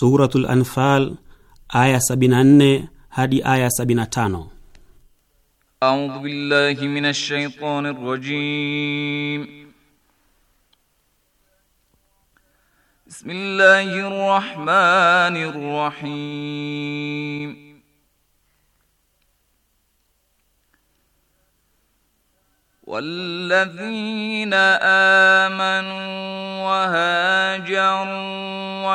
Suratul Anfal aya 74 hadi aya 75. A'udhu billahi minash shaitanir rajim. بسم الله الرحمن الرحيم والذين آمنوا وهاجروا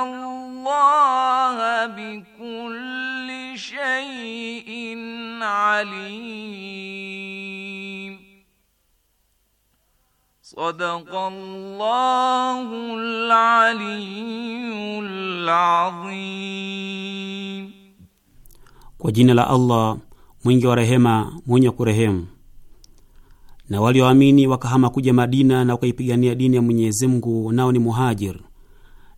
Kwa jina la Allah mwingi wa rehema mwenye kurehemu. Na walioamini wa wakahama kuja Madina na wakaipigania dini ya Mwenyezi Mungu, nao ni muhajiri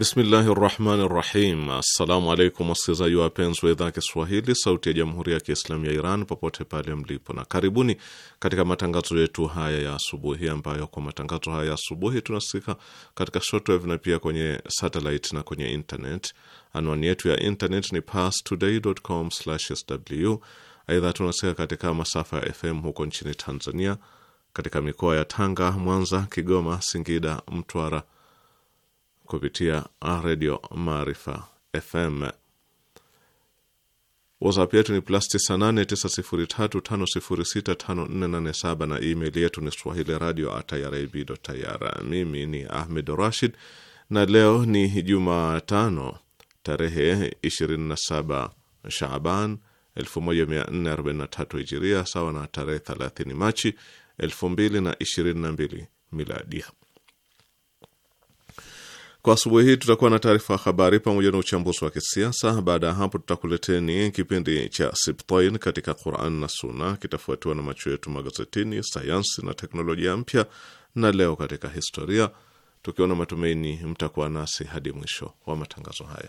Bismillahi rahmani rahim. Assalamu alaikum wasikilizaji wapenzi wa idhaa ya Kiswahili, sauti ya jamhuri ya kiislamu ya Iran, popote pale mlipo, na karibuni katika matangazo yetu haya ya asubuhi, ambayo kwa matangazo haya ya asubuhi tunasikika katika shortwave na pia kwenye satellite na kwenye internet. Anwani yetu ya internet ni pastodaycom sw Aidha, tunasikika katika masafa ya FM huko nchini Tanzania, katika mikoa ya Tanga, Mwanza, Kigoma, Singida, Mtwara kupitia redio Maarifa FM. WhatsApp yetu ni plus 989035065487 na email yetu ni swahili radio atiribtayara. Mimi ni Ahmed Rashid na leo ni Jumatano tarehe 27 Shaban 1443 Hijiria, sawa na tarehe 30 Machi 2022 Miladia. Kwa asubuhi hii tutakuwa na taarifa ya habari pamoja na uchambuzi wa kisiasa. Baada ya hapo, tutakuleteni kipindi cha Sibtain katika Quran na Suna, kitafuatiwa na macho yetu magazetini, sayansi na teknolojia mpya, na leo katika historia, tukiwa na matumaini mtakuwa nasi hadi mwisho wa matangazo haya.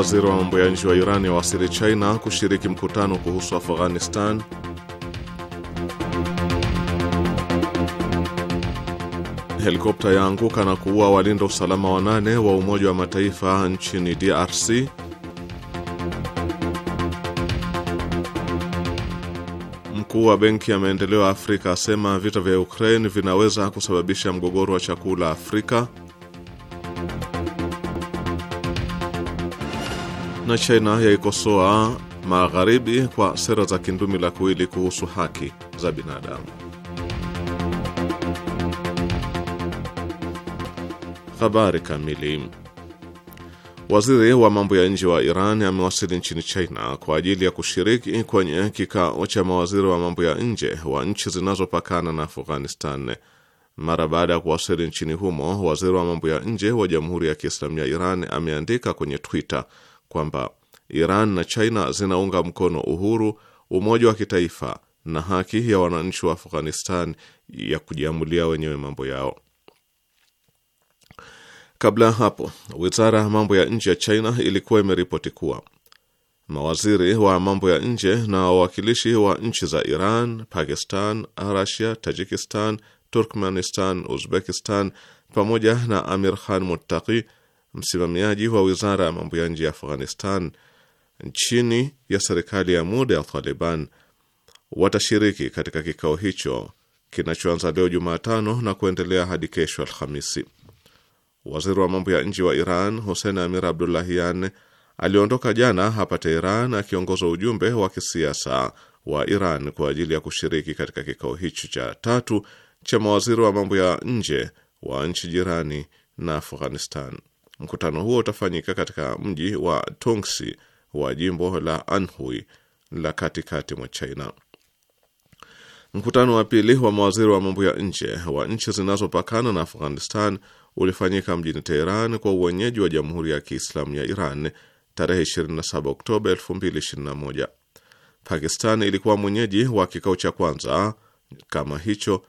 Waziri wa mambo ya nje wa Iran yawasili China kushiriki mkutano kuhusu Afghanistan. Helikopta yaanguka na kuua walinda usalama wanane wa Umoja wa Mataifa nchini DRC. Mkuu wa Benki ya Maendeleo ya Afrika asema vita vya Ukraine vinaweza kusababisha mgogoro wa chakula Afrika. na China yaikosoa Magharibi kwa sera za kindumi la kuili kuhusu haki za binadamu. Habari kamili. Waziri wa mambo ya nje wa Iran amewasili nchini China kwa ajili ya kushiriki kwenye kikao cha mawaziri wa mambo ya nje wa nchi zinazopakana na Afghanistan. Mara baada ya kuwasili nchini humo, waziri wa mambo ya nje wa Jamhuri ya Kiislamu ya Iran ameandika kwenye Twitter kwamba Iran na China zinaunga mkono uhuru, umoja wa kitaifa na haki ya wananchi wa Afghanistan ya kujiamulia wenyewe mambo yao. Kabla ya hapo, wizara ya mambo ya nje ya China ilikuwa imeripoti kuwa mawaziri wa mambo ya nje na wawakilishi wa nchi za Iran, Pakistan, rasia Tajikistan, Turkmenistan, Uzbekistan pamoja na Amir Khan Muttaqi msimamiaji wa wizara ya mambo ya nje ya Afghanistan chini ya serikali ya muda ya Taliban watashiriki katika kikao hicho kinachoanza leo Jumatano na kuendelea hadi kesho Alhamisi. Waziri wa mambo ya nje wa Iran Hussein Amir Abdullahian aliondoka jana hapa Teheran akiongoza ujumbe wa kisiasa wa Iran kwa ajili ya kushiriki katika kikao hicho cha tatu cha mawaziri wa mambo ya nje wa nchi jirani na Afghanistan. Mkutano huo utafanyika katika mji wa Tongsi wa jimbo la Anhui la katikati mwa China. Mkutano wa pili wa mawaziri wa mambo ya nje wa nchi zinazopakana na Afghanistan ulifanyika mjini Teheran kwa uwenyeji wa Jamhuri ya Kiislamu ya Iran tarehe 27 Oktoba 2021. Pakistan ilikuwa mwenyeji wa kikao cha kwanza kama hicho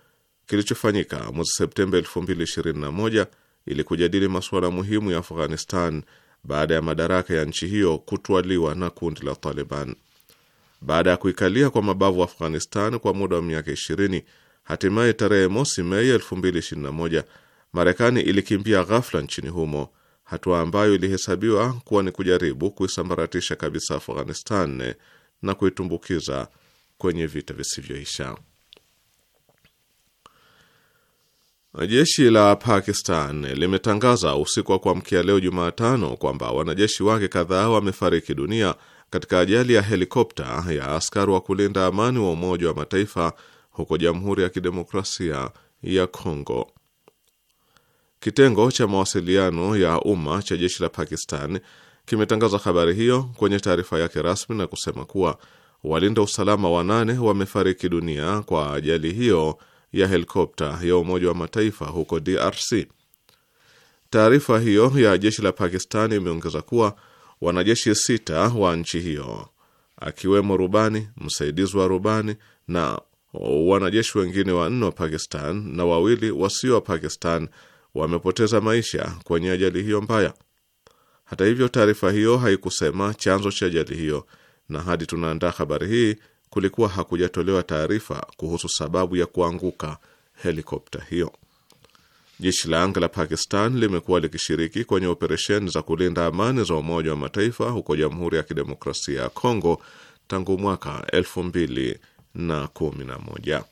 kilichofanyika mwezi Septemba 2021 ili kujadili masuala muhimu ya Afghanistan baada ya madaraka ya nchi hiyo kutwaliwa na kundi la Taliban. Baada ya kuikalia kwa mabavu Afghanistan kwa muda wa miaka 20, hatimaye tarehe mosi Mei 2021 Marekani ilikimbia ghafla nchini humo, hatua ambayo ilihesabiwa kuwa ni kujaribu kuisambaratisha kabisa Afghanistan na kuitumbukiza kwenye vita visivyoisha. Jeshi la Pakistan limetangaza usiku wa kuamkia leo Jumatano kwamba wanajeshi wake kadhaa wamefariki dunia katika ajali ya helikopta ya askari wa kulinda amani wa Umoja wa Mataifa huko Jamhuri ya Kidemokrasia ya Kongo. Kitengo cha mawasiliano ya umma cha jeshi la Pakistan kimetangaza habari hiyo kwenye taarifa yake rasmi na kusema kuwa walinda usalama wanane wamefariki dunia kwa ajali hiyo ya helikopta ya Umoja wa Mataifa huko DRC. Taarifa hiyo ya jeshi la Pakistani imeongeza kuwa wanajeshi sita wa nchi hiyo akiwemo rubani, msaidizi wa rubani na wanajeshi wengine wanne wa Pakistan na wawili wasio wa Pakistan wamepoteza maisha kwenye ajali hiyo mbaya. Hata hivyo, taarifa hiyo haikusema chanzo cha ajali hiyo, na hadi tunaandaa habari hii kulikuwa hakujatolewa taarifa kuhusu sababu ya kuanguka helikopta hiyo. Jeshi la anga la Pakistan limekuwa likishiriki kwenye operesheni za kulinda amani za Umoja wa Mataifa huko Jamhuri ya Kidemokrasia ya Kongo tangu mwaka 211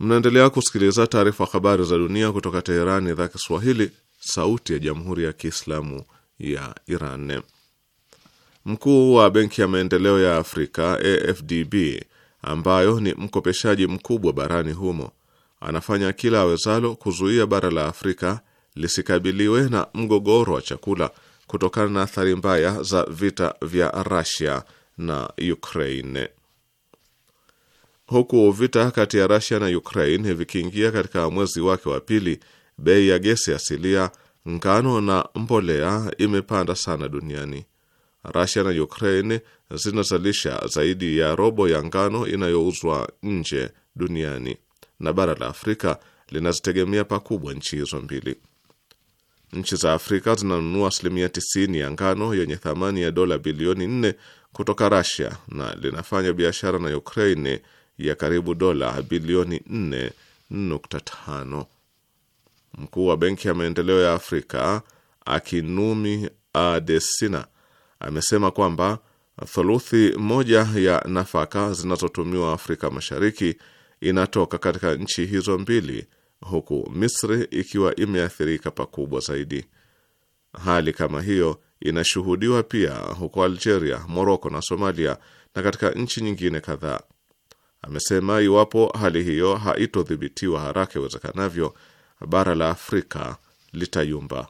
Mnaendelea kusikiliza taarifa habari za dunia kutoka Teherani, idhaa Kiswahili, sauti ya Jamhuri ya Kiislamu ya Iran. Mkuu wa Benki ya Maendeleo ya Afrika AFDB, ambayo ni mkopeshaji mkubwa barani humo, anafanya kila awezalo kuzuia bara la Afrika lisikabiliwe na mgogoro wa chakula kutokana na athari mbaya za vita vya Russia na Ukraine. Huku vita kati ya Russia na Ukraine vikiingia katika mwezi wake wa pili, bei ya gesi asilia, ngano na mbolea imepanda sana duniani. Rasia na Ukraine zinazalisha zaidi ya robo ya ngano inayouzwa nje duniani na bara la Afrika linazitegemea pakubwa nchi hizo mbili. Nchi za Afrika zinanunua asilimia 90 ya ngano yenye thamani ya dola bilioni 4 kutoka rasia na linafanya biashara na Ukraine ya karibu dola bilioni 4.5. Mkuu wa Benki ya Maendeleo ya Afrika Akinumi Adesina amesema kwamba thuluthi moja ya nafaka zinazotumiwa Afrika Mashariki inatoka katika nchi hizo mbili, huku Misri ikiwa imeathirika pakubwa zaidi. Hali kama hiyo inashuhudiwa pia huko Algeria, Moroko na Somalia na katika nchi nyingine kadhaa. Amesema iwapo hali hiyo haitodhibitiwa haraka iwezekanavyo, bara la Afrika litayumba.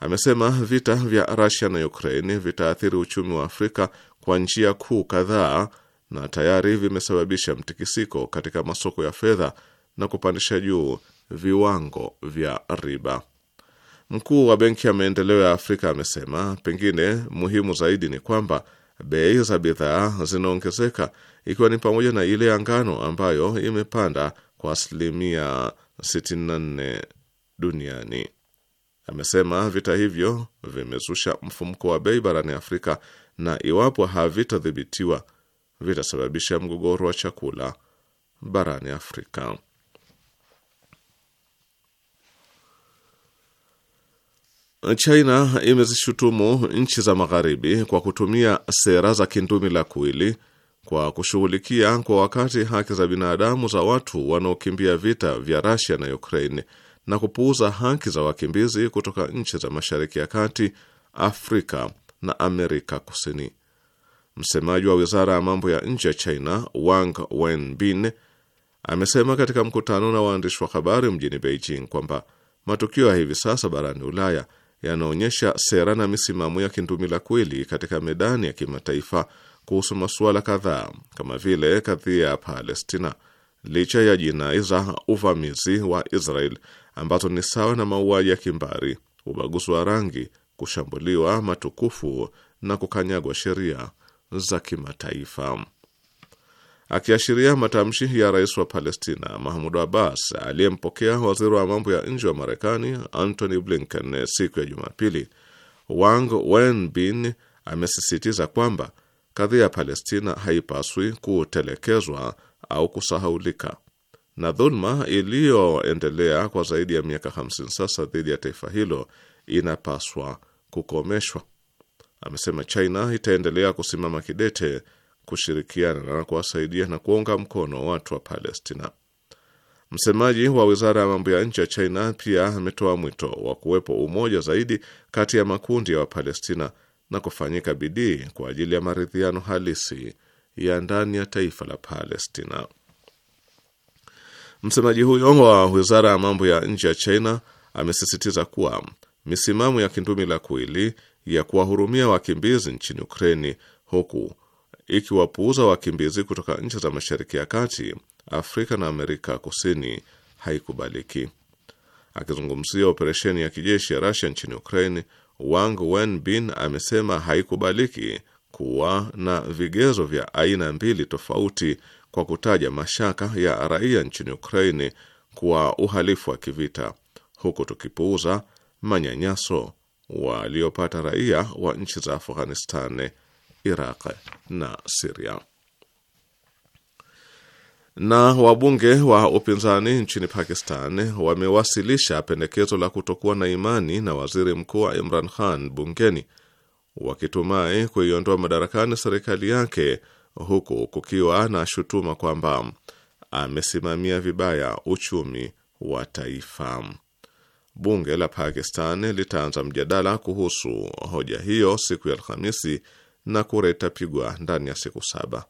Amesema vita vya Russia na Ukraine vitaathiri uchumi wa Afrika kwa njia kuu kadhaa na tayari vimesababisha mtikisiko katika masoko ya fedha na kupandisha juu viwango vya riba. Mkuu wa Benki ya Maendeleo ya Afrika amesema pengine muhimu zaidi ni kwamba bei za bidhaa zinaongezeka ikiwa ni pamoja na ile ya ngano ambayo imepanda kwa asilimia 64 duniani. Amesema vita hivyo vimezusha mfumko wa bei barani Afrika na iwapo havitadhibitiwa vitasababisha mgogoro wa chakula barani Afrika. China imezishutumu nchi za magharibi kwa kutumia sera za kindumi la kuili kwa kushughulikia kwa wakati haki za binadamu za watu wanaokimbia vita vya Russia na Ukraine na kupuuza haki za wakimbizi kutoka nchi za Mashariki ya Kati, Afrika na Amerika Kusini. Msemaji wa wizara ya mambo ya nje ya China Wang Wenbin amesema katika mkutano na waandishi wa habari mjini Beijing kwamba matukio ya hivi sasa barani Ulaya yanaonyesha sera na misimamo ya kindumila kweli katika medani ya kimataifa kuhusu masuala kadhaa kama vile kadhia ya Palestina, licha ya jinai za uvamizi wa Israel ambazo ni sawa na mauaji ya kimbari, ubaguzi wa rangi, kushambuliwa matukufu na kukanyagwa sheria za kimataifa. Akiashiria matamshi ya rais wa Palestina Mahmud Abbas aliyempokea waziri wa mambo ya nje wa Marekani Antony Blinken siku ya Jumapili, Wang Wenbin amesisitiza kwamba kadhia ya Palestina haipaswi kutelekezwa au kusahaulika na dhuluma iliyoendelea kwa zaidi ya miaka 50 sasa dhidi ya taifa hilo inapaswa kukomeshwa. Amesema China itaendelea kusimama kidete kushirikiana na kuwasaidia na kuunga mkono watu wa Palestina. Msemaji wa wizara ya mambo ya nje ya China pia ametoa mwito wa kuwepo umoja zaidi kati ya makundi ya Wapalestina na kufanyika bidii kwa ajili ya maridhiano halisi ya ndani ya taifa la Palestina. Msemaji huyo wa wizara ya mambo ya nje ya China amesisitiza kuwa misimamo ya kindumi la kuili ya kuwahurumia wakimbizi nchini Ukraini huku ikiwapuuza wakimbizi kutoka nchi za Mashariki ya Kati, Afrika na Amerika Kusini haikubaliki. Akizungumzia operesheni ya kijeshi ya Rusia nchini Ukraine, Wang Wenbin amesema haikubaliki kuwa na vigezo vya aina mbili tofauti kwa kutaja mashaka ya raia nchini Ukraini kuwa uhalifu wa kivita, huku tukipuuza manyanyaso waliopata raia wa nchi za Afghanistan, Iraq na Siria. Na wabunge wa upinzani nchini Pakistan wamewasilisha pendekezo la kutokuwa na imani na waziri mkuu wa Imran Khan bungeni wakitumai kuiondoa madarakani serikali yake huku kukiwa na shutuma kwamba amesimamia vibaya uchumi wa taifa. Bunge la Pakistan litaanza mjadala kuhusu hoja hiyo siku ya Alhamisi na kureta pigwa ndani ya siku saba.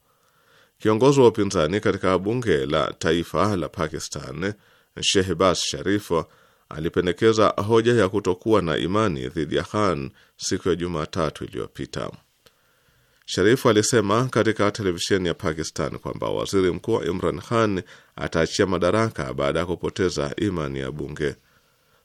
Kiongozi wa upinzani katika bunge la taifa la Pakistan, Shehbaz Sharif, alipendekeza hoja ya kutokuwa na imani dhidi ya Khan siku ya Jumatatu iliyopita. Sharifu alisema katika televisheni ya Pakistan kwamba waziri mkuu wa Imran Khan ataachia madaraka baada ya kupoteza imani ya bunge.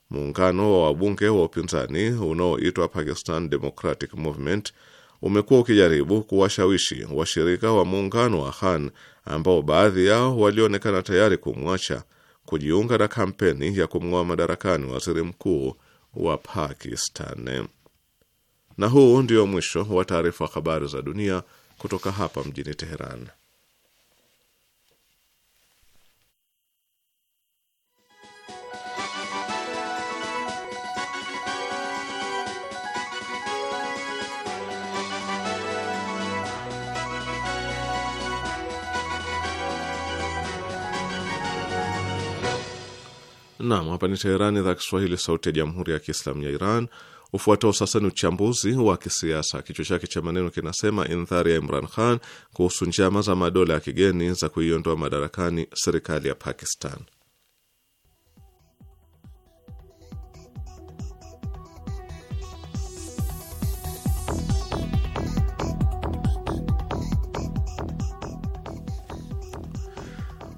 Muungano wa wabunge wa upinzani unaoitwa Pakistan Democratic Movement umekuwa ukijaribu kuwashawishi washirika wa muungano wa Khan ambao baadhi yao walionekana tayari kumwacha kujiunga na kampeni ya kumng'oa madarakani waziri mkuu wa Pakistan. Na huu ndio mwisho wa taarifa wa habari za dunia kutoka hapa mjini Teheran. Naam, hapa ni Teherani, idhaa Kiswahili, sauti ya jamhuri ya kiislamu ya Iran. Ufuatao sasa ni uchambuzi wa kisiasa, kichwa chake cha maneno kinasema indhari ya Imran Khan kuhusu njama za madola ya kigeni za kuiondoa madarakani serikali ya Pakistan.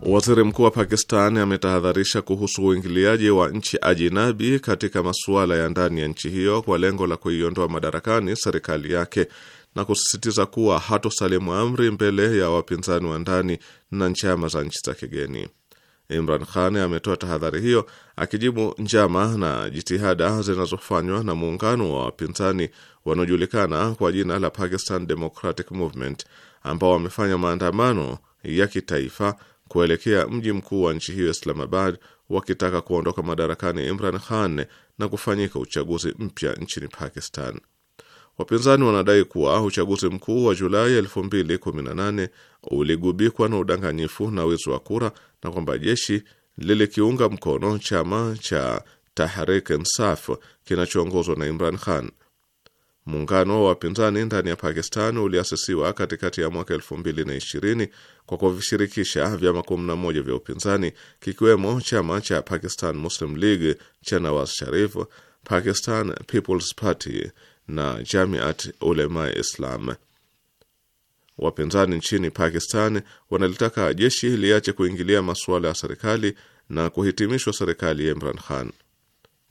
Waziri mkuu wa Pakistan ametahadharisha kuhusu uingiliaji wa nchi ajinabi katika masuala ya ndani ya nchi hiyo kwa lengo la kuiondoa madarakani serikali yake na kusisitiza kuwa hatosalimu amri mbele ya wapinzani wa ndani na njama za nchi za kigeni. Imran Khan ametoa tahadhari hiyo akijibu njama na jitihada zinazofanywa na muungano wa wapinzani wanaojulikana kwa jina la Pakistan Democratic Movement ambao wamefanya maandamano ya kitaifa kuelekea mji mkuu wa nchi hiyo Islamabad, wakitaka kuondoka madarakani Imran Khan na kufanyika uchaguzi mpya nchini Pakistan. Wapinzani wanadai kuwa uchaguzi mkuu wa Julai 2018 uligubikwa na udanganyifu na wizi wa kura na kwamba jeshi lilikiunga mkono chama cha Tahrik Insaf kinachoongozwa na Imran Khan. Muungano wa wapinzani ndani ya Pakistan uliasisiwa katikati ya mwaka elfu mbili na ishirini kwa kuvishirikisha vyama kumi na moja vya upinzani kikiwemo chama cha Pakistan Muslim League cha Nawaz Sharif, Pakistan Peoples Party na Jamiat Ulema Islam. Wapinzani nchini Pakistan wanalitaka jeshi liache kuingilia masuala ya serikali na kuhitimishwa serikali ya Imran Khan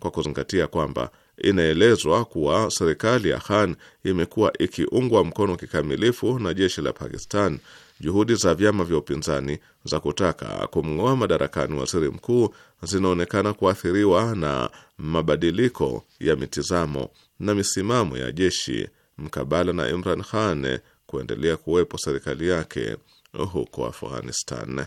kwa kuzingatia kwamba inaelezwa kuwa serikali ya Khan imekuwa ikiungwa mkono kikamilifu na jeshi la Pakistan juhudi za vyama vya upinzani za kutaka kumng'oa madarakani waziri mkuu zinaonekana kuathiriwa na mabadiliko ya mitizamo na misimamo ya jeshi mkabala na Imran Khan kuendelea kuwepo serikali yake huko Afghanistan.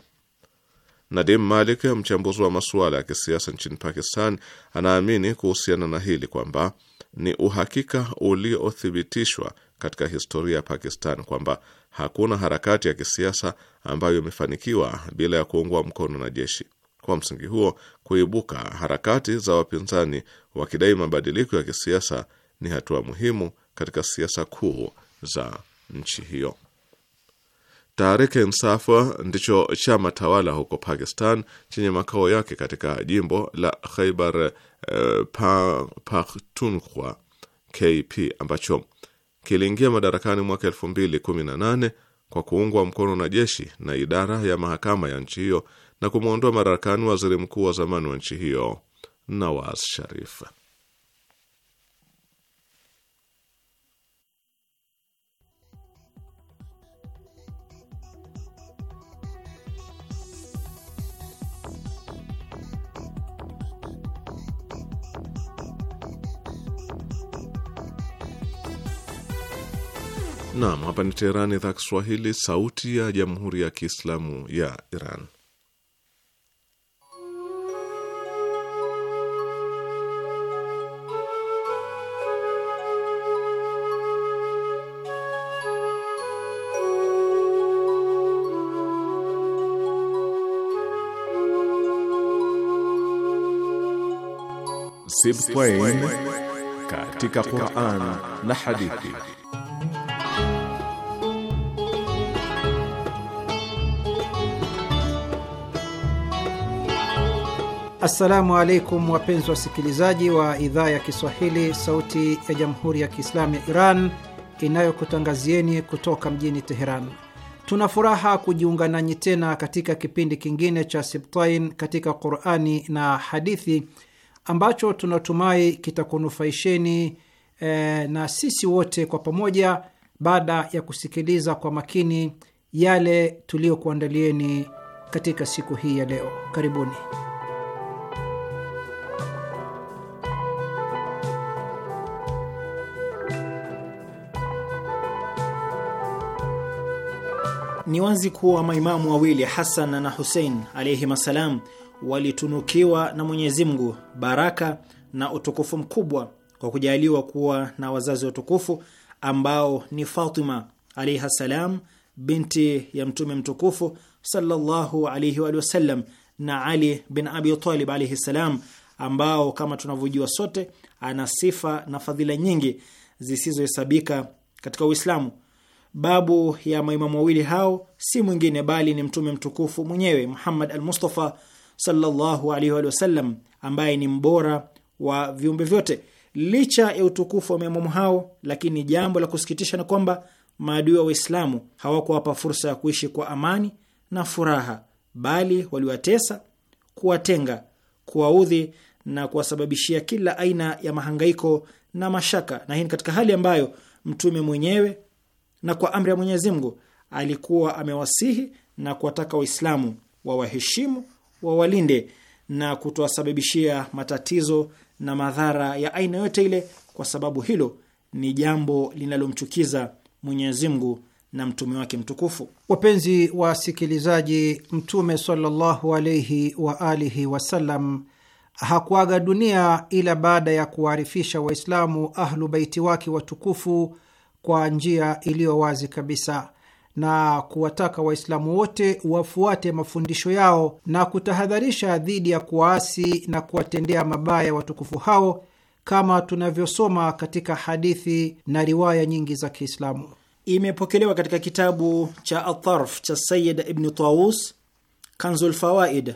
Nadim Malik, mchambuzi wa masuala ya kisiasa nchini Pakistan, anaamini kuhusiana na hili kwamba ni uhakika uliothibitishwa katika historia ya Pakistan kwamba hakuna harakati ya kisiasa ambayo imefanikiwa bila ya kuungwa mkono na jeshi. Kwa msingi huo, kuibuka harakati za wapinzani wakidai mabadiliko ya kisiasa ni hatua muhimu katika siasa kuu za nchi hiyo. Tahriki Insaf ndicho chama tawala huko Pakistan chenye makao yake katika jimbo la Khaibar eh, Pakhtunkhwa KP ambacho kiliingia madarakani mwaka 2018 kwa kuungwa mkono na jeshi na idara ya mahakama ya nchi hiyo na kumwondoa madarakani waziri mkuu wa zamani wa nchi hiyo Nawaz Sharif. Naam, hapa ni Teheran, idhaa Kiswahili, sauti ya jamhuri ya kiislamu ya Iran. Sibtain katika Quran na hadithi Assalamu alaikum wapenzi wasikilizaji wa idhaa ya Kiswahili, Sauti ya Jamhuri ya Kiislamu ya Iran inayokutangazieni kutoka mjini Teheran. Tuna furaha kujiunga nanyi tena katika kipindi kingine cha Sibtain katika Qurani na Hadithi ambacho tunatumai kitakunufaisheni e, na sisi wote kwa pamoja, baada ya kusikiliza kwa makini yale tuliyokuandalieni katika siku hii ya leo. Karibuni. Ni wazi kuwa maimamu wawili Hasan na Husein alaihim assalam walitunukiwa na Mwenyezi Mungu baraka na utukufu mkubwa kwa kujaliwa kuwa na wazazi watukufu ambao ni Fatima alaihi salam binti ya Mtume mtukufu sallallahu alaihi wa sallam na Ali bin Abi Talib alaihi salam, ambao kama tunavyojua sote ana sifa na fadhila nyingi zisizohesabika katika Uislamu. Babu ya maimamu wawili hao si mwingine bali ni mtume mtukufu mwenyewe Muhammad al-Mustafa sallallahu alaihi wa sallam, ambaye ni mbora wa viumbe vyote. Licha ya utukufu wa maimamu hao, lakini jambo la kusikitisha ni kwamba maadui wa Waislamu hawakuwapa fursa ya kuishi kwa amani na furaha, bali waliwatesa, kuwatenga, kuwaudhi na kuwasababishia kila aina ya mahangaiko na mashaka, na hii ni katika hali ambayo mtume mwenyewe na kwa amri ya Mwenyezi Mungu alikuwa amewasihi na kuwataka Waislamu wawaheshimu, wawalinde na kutowasababishia matatizo na madhara ya aina yote ile, kwa sababu hilo ni jambo linalomchukiza Mwenyezi Mungu na mtume wake mtukufu. Wapenzi wasikilizaji, Mtume sallallahu alaihi wa alihi wasallam hakuaga dunia ila baada ya kuwaarifisha Waislamu ahlu baiti wake watukufu kwa njia iliyo wazi kabisa na kuwataka Waislamu wote wafuate mafundisho yao na kutahadharisha dhidi ya kuwaasi na kuwatendea mabaya watukufu hao kama tunavyosoma katika hadithi na riwaya nyingi za Kiislamu. Imepokelewa katika kitabu cha Atarf cha Sayid Ibni Taus, Kanzul Fawaid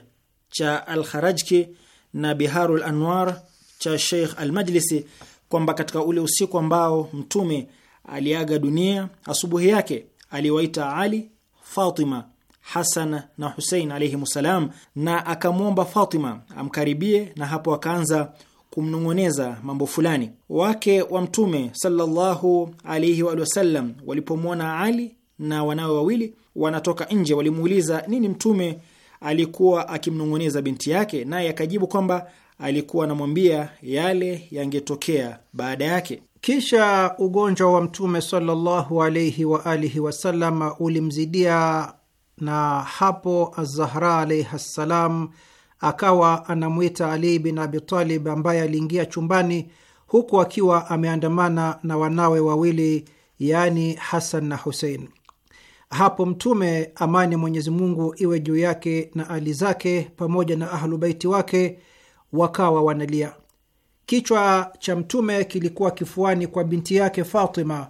cha alharajki na Biharul Anwar cha Sheikh Almajlisi kwamba katika ule usiku ambao Mtume aliaga dunia. Asubuhi yake aliwaita Ali, Fatima, Hasan na Husein alaihimussalam, na akamwomba Fatima amkaribie, na hapo akaanza kumnong'oneza mambo fulani. Wake wa Mtume sallallahu alaihi wa sallam walipomwona Ali na wanawe wawili wanatoka nje, walimuuliza nini Mtume alikuwa akimnong'oneza binti yake, naye akajibu kwamba alikuwa anamwambia yale yangetokea baada yake. Kisha ugonjwa wa Mtume sallallahu alaihi wa alihi wasallam ulimzidia, na hapo Azahra alaihi ssalam akawa anamwita Ali bin Abitalib ambaye aliingia chumbani huku akiwa ameandamana na wanawe wawili, yaani Hasan na Husein. Hapo Mtume, amani ya Mwenyezi Mungu iwe juu yake na ali zake, pamoja na ahlubaiti wake, wakawa wanalia. Kichwa cha Mtume kilikuwa kifuani kwa binti yake Fatima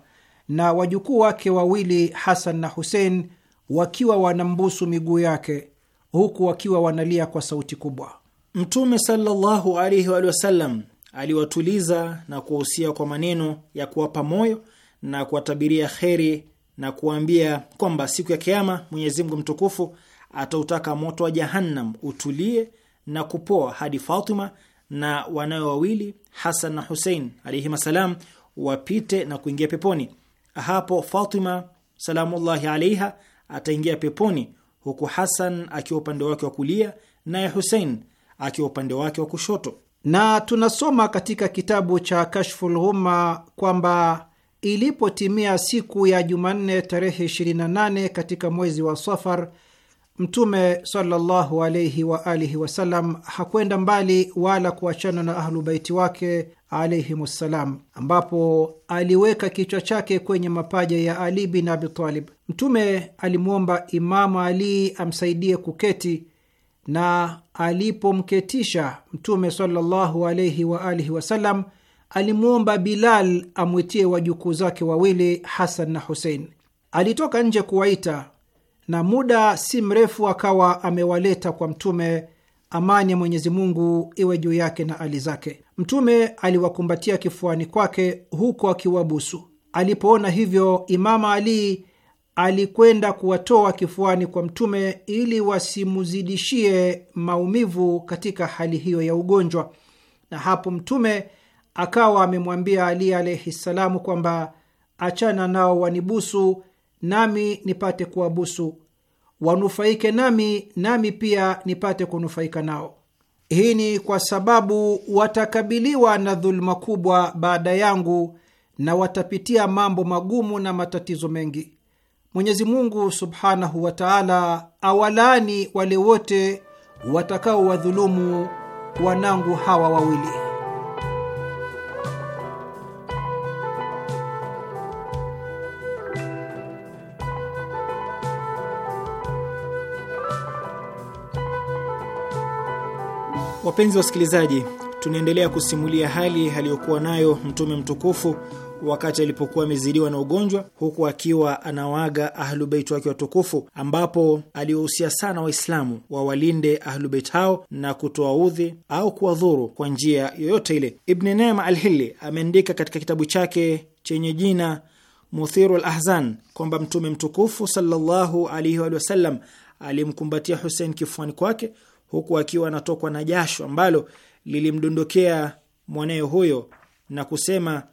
na wajukuu wake wawili Hasan na Husein wakiwa wanambusu miguu yake huku wakiwa wanalia kwa sauti kubwa. Mtume sallallahu alaihi wa sallam aliwatuliza na kuwahusia kwa maneno ya kuwapa moyo na kuwatabiria kheri na kuwaambia kwamba siku ya Kiama Mwenyezi Mungu mtukufu atautaka moto wa Jahannam utulie na kupoa hadi Fatima na wanawe wawili Hasan na Husein alaihim assalam wapite na kuingia peponi. Hapo Fatima salamullahi alaiha ataingia peponi huku Hasan akiwa upande wake wa kulia naye Husein akiwa upande wake wa kushoto. Na tunasoma katika kitabu cha Kashful Ghumma kwamba ilipotimia siku ya Jumanne tarehe 28 katika mwezi wa Safar Mtume sallallahu alaihi wa alihi wasallam hakwenda mbali wala kuachana na ahlubaiti wake alaihimussalam, ambapo aliweka kichwa chake kwenye mapaja ya Ali bin Abitalib. Mtume alimwomba Imamu Ali amsaidie kuketi na alipomketisha Mtume sallallahu alaihi wa alihi wasallam alimwomba Bilal amwitie wajukuu zake wawili Hasan na Husein. Alitoka nje kuwaita na muda si mrefu akawa amewaleta kwa Mtume, amani ya Mwenyezi Mungu iwe juu yake na ali zake. Mtume aliwakumbatia kifuani kwake huku akiwabusu. Alipoona hivyo, Imama Ali alikwenda kuwatoa kifuani kwa Mtume ili wasimuzidishie maumivu katika hali hiyo ya ugonjwa, na hapo Mtume akawa amemwambia Ali alaihi ssalamu kwamba achana nao wanibusu nami nipate kuwabusu, wanufaike nami, nami pia nipate kunufaika nao. Hii ni kwa sababu watakabiliwa na dhuluma kubwa baada yangu na watapitia mambo magumu na matatizo mengi. Mwenyezi Mungu subhanahu wa taala awalaani wale wote watakaowadhulumu wanangu hawa wawili. Wapenzi wasikilizaji, tunaendelea kusimulia hali aliyokuwa nayo Mtume mtukufu wakati alipokuwa amezidiwa na ugonjwa huku akiwa anawaga ahlubeit wake watukufu, ambapo aliwahusia sana Waislamu wawalinde ahlubeit hao na kutoa udhi au kuwadhuru kwa njia yoyote ile. Ibni Nema Alhili ameandika katika kitabu chake chenye jina Muthiru Lahzan kwamba Mtume mtukufu sallallahu alaihi wasallam alimkumbatia Husein kifuani kwake huku akiwa anatokwa na jasho ambalo lilimdondokea mwanaye huyo na kusema,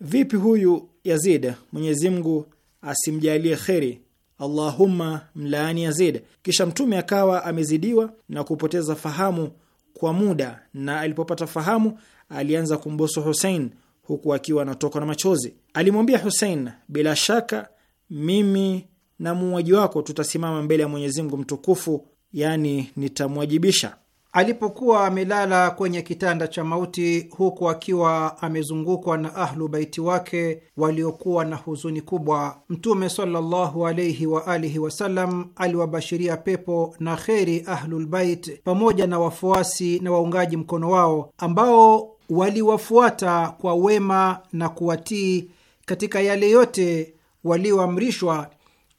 vipi huyu Yazid, Mwenyezi Mungu asimjalie kheri, Allahumma mlaani Yazid. Kisha Mtume akawa amezidiwa na kupoteza fahamu kwa muda, na alipopata fahamu alianza kumboso Husein huku akiwa anatokwa na machozi. Alimwambia Husein, bila shaka mimi na muuaji wako tutasimama mbele ya Mwenyezi Mungu mtukufu yani nitamwajibisha. Alipokuwa amelala kwenye kitanda cha mauti huku akiwa amezungukwa na ahlu baiti wake waliokuwa na huzuni kubwa, Mtume sallallahu alaihi wa alihi wasallam aliwabashiria pepo na kheri ahlulbait pamoja na wafuasi na waungaji mkono wao ambao waliwafuata kwa wema na kuwatii katika yale yote walioamrishwa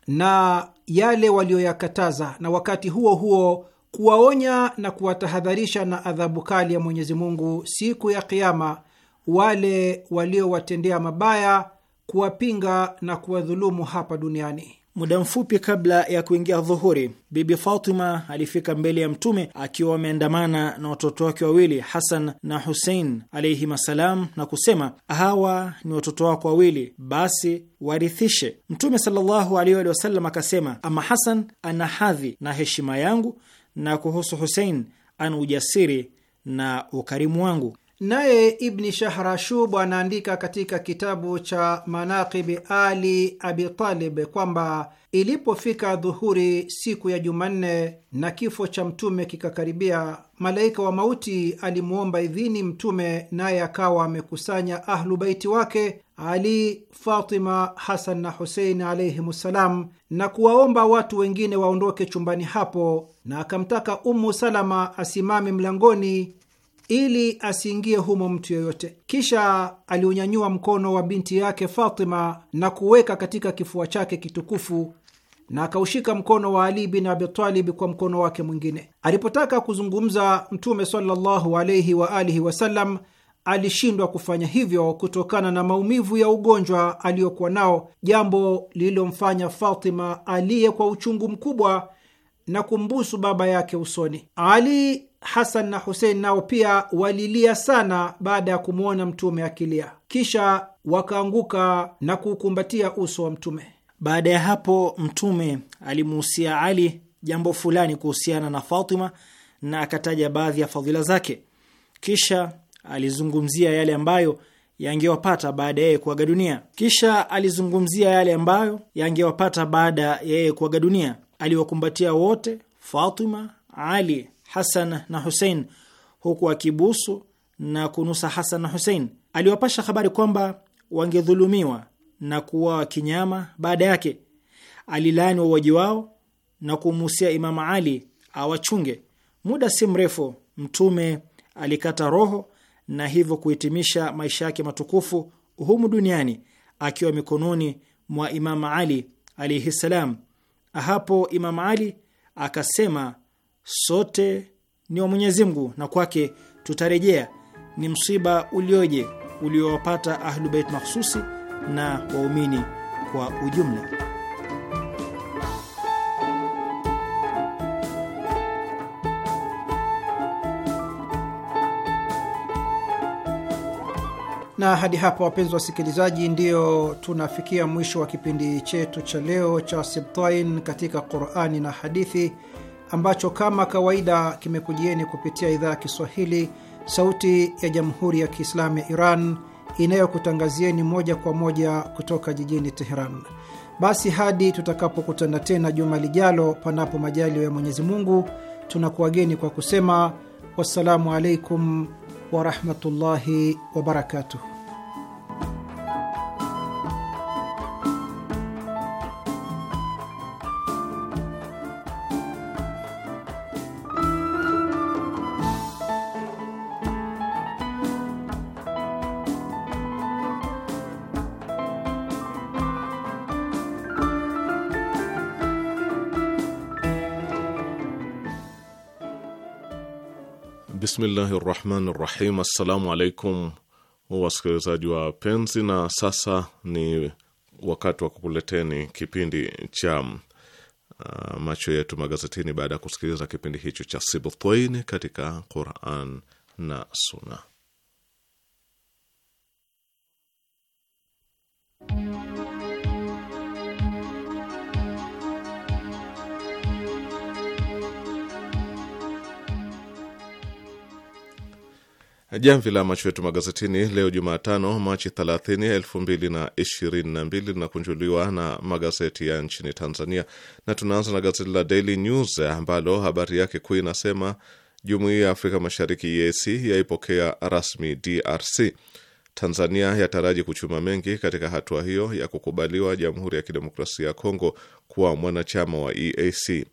na yale walioyakataza na wakati huo huo kuwaonya na kuwatahadharisha na adhabu kali ya Mwenyezi Mungu siku ya Kiama wale waliowatendea mabaya, kuwapinga na kuwadhulumu hapa duniani. Muda mfupi kabla ya kuingia dhuhuri, Bibi Fatima alifika mbele ya Mtume akiwa ameandamana na watoto wake wawili Hasan na Husein alaihim assalam, na kusema, hawa ni watoto wako wawili, basi warithishe. Mtume sallallahu alaihi wasallam akasema, ama Hasan ana hadhi na heshima yangu, na kuhusu Husein ana ujasiri na ukarimu wangu. Naye Ibni Shahrashub anaandika katika kitabu cha Manaqibi Ali abitalib kwamba ilipofika dhuhuri siku ya Jumanne na kifo cha Mtume kikakaribia, malaika wa mauti alimwomba idhini Mtume, naye akawa amekusanya Ahlu Baiti wake Ali, Fatima, Hasan na Husein alaihim ssalam, na kuwaomba watu wengine waondoke chumbani hapo, na akamtaka umu Salama asimame mlangoni ili asiingie humo mtu yoyote. Kisha aliunyanyua mkono wa binti yake Fatima na kuweka katika kifua chake kitukufu na akaushika mkono wa Ali bin Abi Talib kwa mkono wake mwingine. Alipotaka kuzungumza, Mtume sallallahu alayhi wa alihi wasallam alishindwa kufanya hivyo kutokana na maumivu ya ugonjwa aliyokuwa nao, jambo lililomfanya Fatima aliye kwa uchungu mkubwa na kumbusu baba yake usoni. Ali, Hasan na Husein nao pia walilia sana baada ya kumwona Mtume akilia, kisha wakaanguka na kuukumbatia uso wa Mtume. Baada ya hapo, Mtume alimuhusia Ali jambo fulani kuhusiana na Fatima na akataja baadhi ya fadhila zake. Kisha alizungumzia yale ambayo yangewapata baada ya yeye kuaga dunia. Kisha alizungumzia yale ambayo yangewapata baada ya yeye kuaga dunia aliwakumbatia wote, Fatima, Ali, Hasan na Husein, huku akibusu na kunusa Hasan na Husein. Aliwapasha habari kwamba wangedhulumiwa na kuuawa kinyama. Baada yake alilaani wauaji wao na kumuhusia Imamu Ali awachunge. Muda si mrefu Mtume alikata roho na hivyo kuhitimisha maisha yake matukufu humu duniani akiwa mikononi mwa Imamu Ali alaihi ssalam. Hapo Imam Ali akasema, sote ni wa Mwenyezi Mungu na kwake tutarejea. Ni msiba ulioje uliowapata Ahlubeit mahsusi na waumini kwa ujumla. Na hadi hapa, wapenzi wasikilizaji, ndio tunafikia mwisho wa kipindi chetu cha leo cha Sibtain katika Qurani na Hadithi, ambacho kama kawaida kimekujieni kupitia idhaa ya Kiswahili, Sauti ya Jamhuri ya Kiislamu ya Iran inayokutangazieni moja kwa moja kutoka jijini Teheran. Basi hadi tutakapokutana tena juma lijalo, panapo majalio ya Mwenyezi Mungu, tunakuwageni kwa kusema wassalamu alaikum ورحمه الله وبركاته Bismillahi rahmani rahim. Assalamu alaikum wasikilizaji penzi na sasa ni wakati wa kukuleteni kipindi cha uh, macho yetu magazetini, baada ya kusikiliza kipindi hicho cha Sibtain katika Quran na Sunna. Jamvi la macho yetu magazetini leo Jumatano, Machi 30, 2022 linakunjuliwa na magazeti ya nchini Tanzania, na tunaanza na gazeti la Daily News ambalo habari yake kuu inasema Jumuiya ya Afrika Mashariki EAC yaipokea rasmi DRC. Tanzania yataraji kuchuma mengi katika hatua hiyo ya kukubaliwa Jamhuri ya Kidemokrasia ya Kongo kuwa mwanachama wa EAC.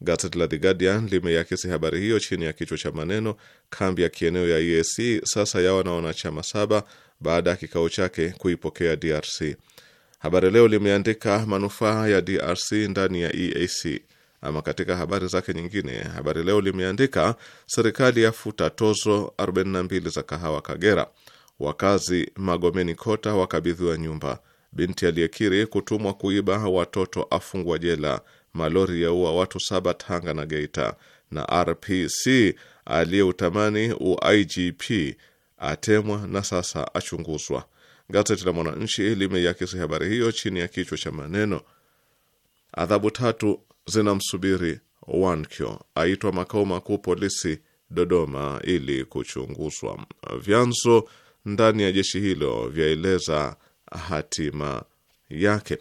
Gazeti la The Guardian limeyakisi habari hiyo chini ya kichwa cha maneno, kambi ya kieneo ya EAC sasa yawa na wanachama saba baada ya kikao chake kuipokea DRC. Habari Leo limeandika manufaa ya DRC ndani ya EAC. Ama katika habari zake nyingine, Habari Leo limeandika serikali yafuta tozo 42 za kahawa Kagera, wakazi Magomeni Kota wakabidhiwa nyumba, binti aliyekiri kutumwa kuiba watoto afungwa jela malori yaua watu saba Tanga na Geita, na RPC aliyeutamani uigp atemwa na sasa achunguzwa. Gazeti la Mwananchi limeiakisi habari hiyo chini ya kichwa cha maneno adhabu tatu zinamsubiri Wankyo, aitwa makao makuu polisi Dodoma ili kuchunguzwa. Vyanzo ndani ya jeshi hilo vyaeleza hatima yake.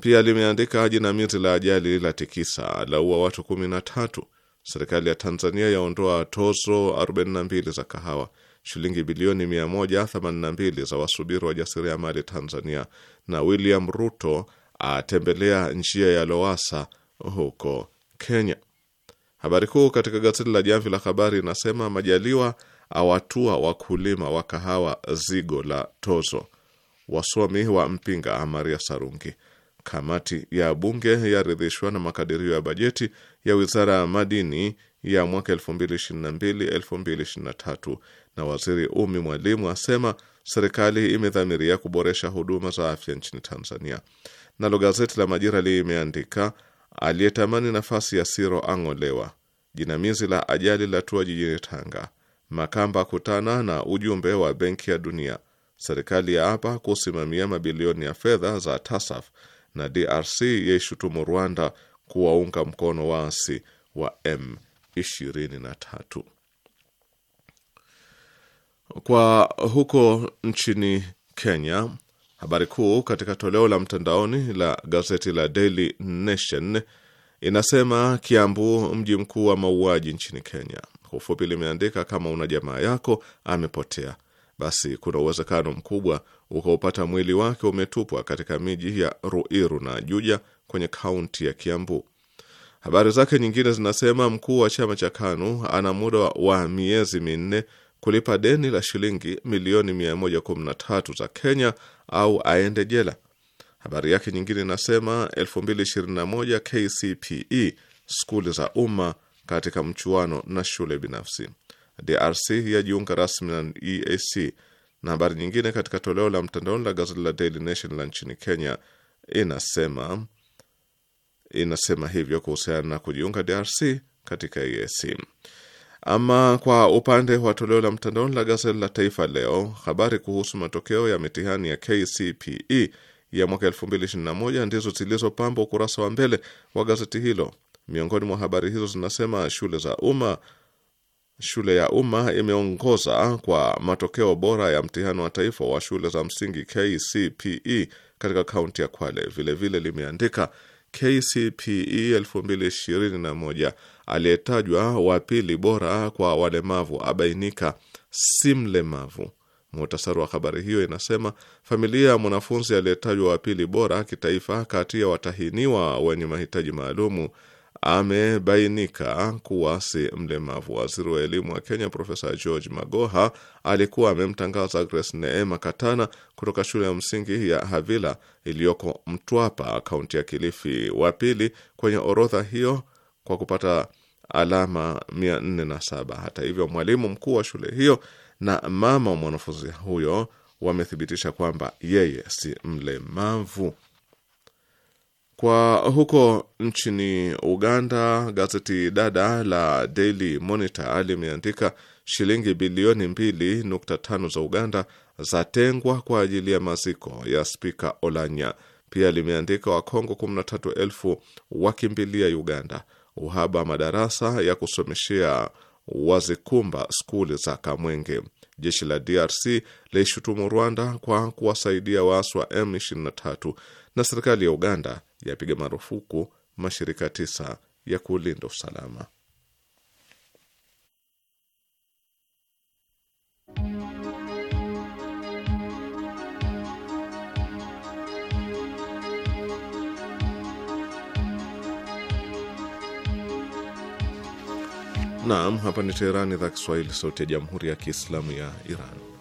Pia limeandika jinamizi la ajali la tikisa la ua watu tatu. Serikali ya Tanzania yaondoa tozo 42 za kahawa. Shilingi bilioni 182 za wasubiri wa mali Tanzania. Na William Ruto atembelea njia ya lowasa huko Kenya. Habari kuu katika gazeti la Jamvi la Habari inasema Majaliwa awatua wakulima wa kahawa zigo la tozo. Wasomi wa mpinga amaria Sarungi kamati ya bunge yaridhishwa na makadirio ya bajeti ya wizara ya madini ya mwaka 2022 2023, na waziri Umi Mwalimu asema serikali imedhamiria kuboresha huduma za afya nchini Tanzania. Nalo gazeti la Majira limeandika aliyetamani nafasi ya Siro ang'olewa, jinamizi la ajali la tua jijini Tanga, Makamba kutana na ujumbe wa Benki ya Dunia, serikali ya hapa kusimamia mabilioni ya fedha za TASAF na DRC yaishutumu Rwanda kuwaunga mkono waasi wa M23. Kwa huko nchini Kenya, habari kuu katika toleo la mtandaoni la gazeti la Daily Nation inasema Kiambu mji mkuu wa mauaji nchini Kenya. Kwa ufupi limeandika kama una jamaa yako amepotea basi kuna uwezekano mkubwa ukaupata mwili wake umetupwa katika miji ya Ruiru na Juja kwenye kaunti ya Kiambu. Habari zake nyingine zinasema mkuu wa chama cha KANU ana muda wa miezi minne kulipa deni la shilingi milioni 113 za Kenya au aende jela. Habari yake nyingine inasema 2021 KCPE skuli za umma katika mchuano na shule binafsi. DRC yajiunga rasmi na EAC. Na habari nyingine katika toleo la mtandaoni la gazeti la Daily Nation la nchini Kenya inasema inasema hivyo kuhusiana na kujiunga DRC katika EAC. Ama kwa upande wa toleo la mtandaoni la gazeti la Taifa Leo, habari kuhusu matokeo ya mitihani ya KCPE ya mwaka 2021 ndizo zilizopamba ukurasa wa mbele wa gazeti hilo. Miongoni mwa habari hizo zinasema shule za umma shule ya umma imeongoza kwa matokeo bora ya mtihani wa taifa wa shule za msingi KCPE katika kaunti ya Kwale. Vilevile vile limeandika KCPE 2021 aliyetajwa wa pili bora kwa walemavu abainika si mlemavu. Muhtasari wa habari hiyo inasema familia ya mwanafunzi aliyetajwa wa pili bora kitaifa kati ya watahiniwa wenye mahitaji maalumu amebainika kuwa si mlemavu. Waziri wa elimu wa Kenya Profesa George Magoha alikuwa amemtangaza Grace Neema Katana kutoka shule ya msingi ya Havila iliyoko Mtwapa, kaunti ya Kilifi, wa pili kwenye orodha hiyo kwa kupata alama 407. Hata hivyo, mwalimu mkuu wa shule hiyo na mama wa mwanafunzi huyo wamethibitisha kwamba yeye si mlemavu. Kwa huko nchini Uganda, gazeti dada la Daily Monitor limeandika shilingi bilioni 2.5 za Uganda zatengwa kwa ajili ya maziko ya spika Olanya. Pia limeandika Wakongo 13,000 wakimbilia Uganda. Uhaba madarasa ya kusomeshea wazikumba skuli za Kamwenge. Jeshi la DRC laishutumu Rwanda kwa kuwasaidia waasi wa M23, na serikali ya Uganda yapiga marufuku mashirika tisa ya kulinda usalama. Naam, hapa ni Teherani, idhaa Kiswahili, sauti ya Jamhuri ya Kiislamu ya Iran.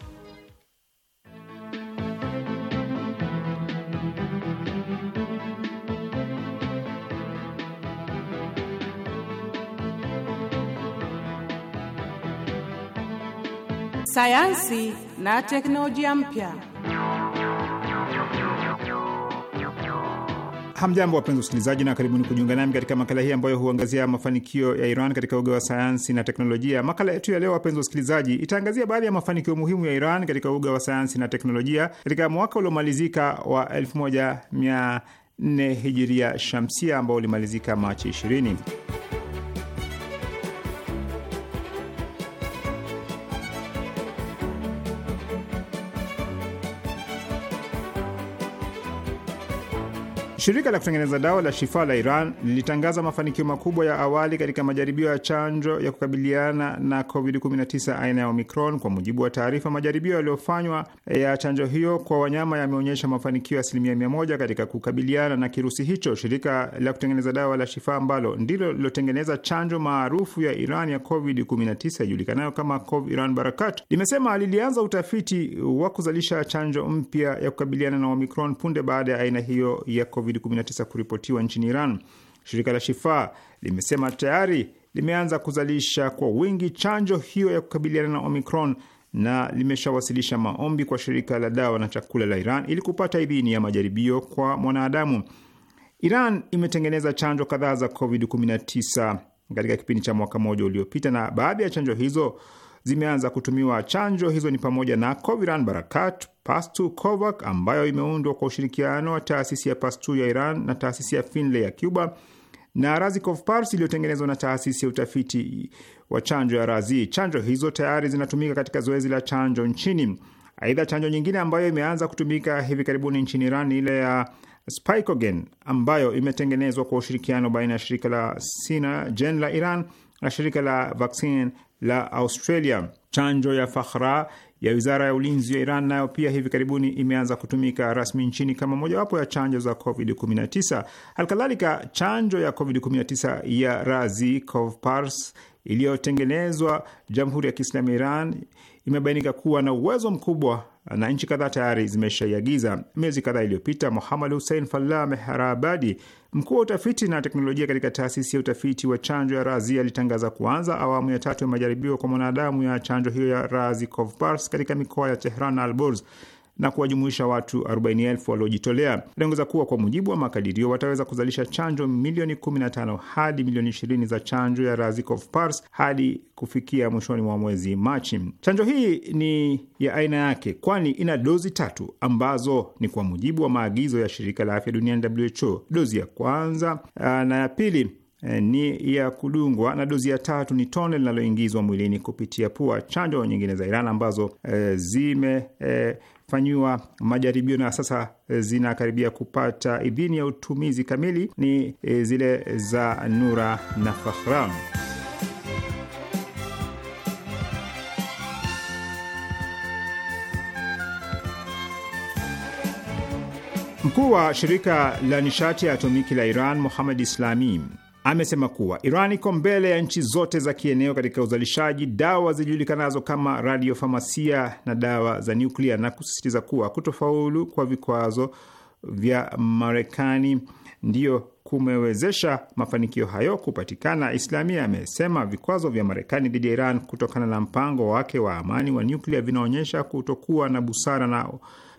sayansi na teknolojia mpya. Hamjambo, wapenzi wasikilizaji, na karibuni kujiunga nami katika makala hii ambayo huangazia mafanikio ya Iran katika uga wa sayansi na teknolojia. Makala yetu ya leo, wapenzi wasikilizaji, itaangazia baadhi ya mafanikio muhimu ya Iran katika uga wa sayansi na teknolojia katika mwaka uliomalizika wa 1404 hijiria shamsia ambao ulimalizika Machi 20. Shirika la kutengeneza dawa la Shifa la Iran lilitangaza mafanikio makubwa ya awali katika majaribio ya chanjo ya kukabiliana na COVID-19 aina ya Omicron. Kwa mujibu wa taarifa, majaribio yaliyofanywa ya chanjo hiyo kwa wanyama yameonyesha mafanikio ya asilimia mia moja katika kukabiliana na kirusi hicho. Shirika la kutengeneza dawa la Shifa ambalo ndilo lilotengeneza chanjo maarufu ya Iran ya COVID-19 ijulikanayo kama Cov Iran Barakat limesema lilianza utafiti wa kuzalisha chanjo mpya ya kukabiliana na Omicron punde baada ya aina hiyo ya COVID COVID-19 kuripotiwa nchini Iran, shirika la Shifa limesema tayari limeanza kuzalisha kwa wingi chanjo hiyo ya kukabiliana na Omicron na limeshawasilisha maombi kwa shirika la dawa na chakula la Iran ili kupata idhini ya majaribio kwa mwanadamu. Iran imetengeneza chanjo kadhaa za COVID-19 katika kipindi cha mwaka mmoja uliopita, na baadhi ya chanjo hizo zimeanza kutumiwa chanjo hizo ni pamoja na Coviran Barakat, Pastu Covac ambayo imeundwa kwa ushirikiano wa taasisi ya Pastu ya Iran na taasisi ya Finlay ya Cuba na Razikov Pars iliyotengenezwa na taasisi ya utafiti wa chanjo ya Razi. Chanjo hizo tayari zinatumika katika zoezi la chanjo nchini. Aidha, chanjo nyingine ambayo imeanza kutumika hivi karibuni nchini Iran ni ile ya Spikogen ambayo imetengenezwa kwa ushirikiano baina ya shirika la Sina Gen la Iran na shirika la Vaccine la Australia. Chanjo ya Fakhra ya wizara ya ulinzi ya Iran nayo pia hivi karibuni imeanza kutumika rasmi nchini kama mojawapo ya chanjo za COVID-19. Halikadhalika, chanjo ya COVID-19 ya Razi Covpars iliyotengenezwa Jamhuri ya Kiislamu ya Iran imebainika kuwa na uwezo mkubwa na nchi kadhaa tayari zimeshaiagiza. Miezi kadhaa iliyopita, Muhamad Hussein Fallah Mehrabadi, mkuu wa utafiti na teknolojia katika taasisi ya utafiti wa chanjo ya Razi, alitangaza kuanza awamu ya tatu ya majaribio kwa mwanadamu ya chanjo hiyo ya Razi Covpars katika mikoa ya Tehran na Albors na kuwajumuisha watu 40,000 waliojitolea. Inaongeza kuwa kwa mujibu wa makadirio, wataweza kuzalisha chanjo milioni 15 hadi milioni 20 za chanjo ya Razikov Pars hadi kufikia mwishoni mwa mwezi Machi. Chanjo hii ni ya aina yake, kwani ina dozi tatu ambazo ni kwa mujibu wa maagizo ya shirika la afya duniani WHO. Dozi ya kwanza na ya pili e, ni ya kudungwa na dozi ya tatu ni tone linaloingizwa mwilini kupitia pua. Chanjo nyingine za Iran ambazo e, zime e, fanyiwa majaribio na sasa eh, zinakaribia kupata idhini ya utumizi kamili ni eh, zile za Nura na Fakhran. Mkuu wa shirika la nishati ya atomiki la Iran Muhammad Islami amesema kuwa Iran iko mbele ya nchi zote za kieneo katika uzalishaji dawa zijulikanazo kama radiofarmasia na dawa za nyuklia na kusisitiza kuwa kutofaulu kwa vikwazo vya Marekani ndiyo kumewezesha mafanikio hayo kupatikana. Islamia amesema vikwazo vya Marekani dhidi ya Iran kutokana na mpango wake wa amani wa nyuklia vinaonyesha kutokuwa na busara na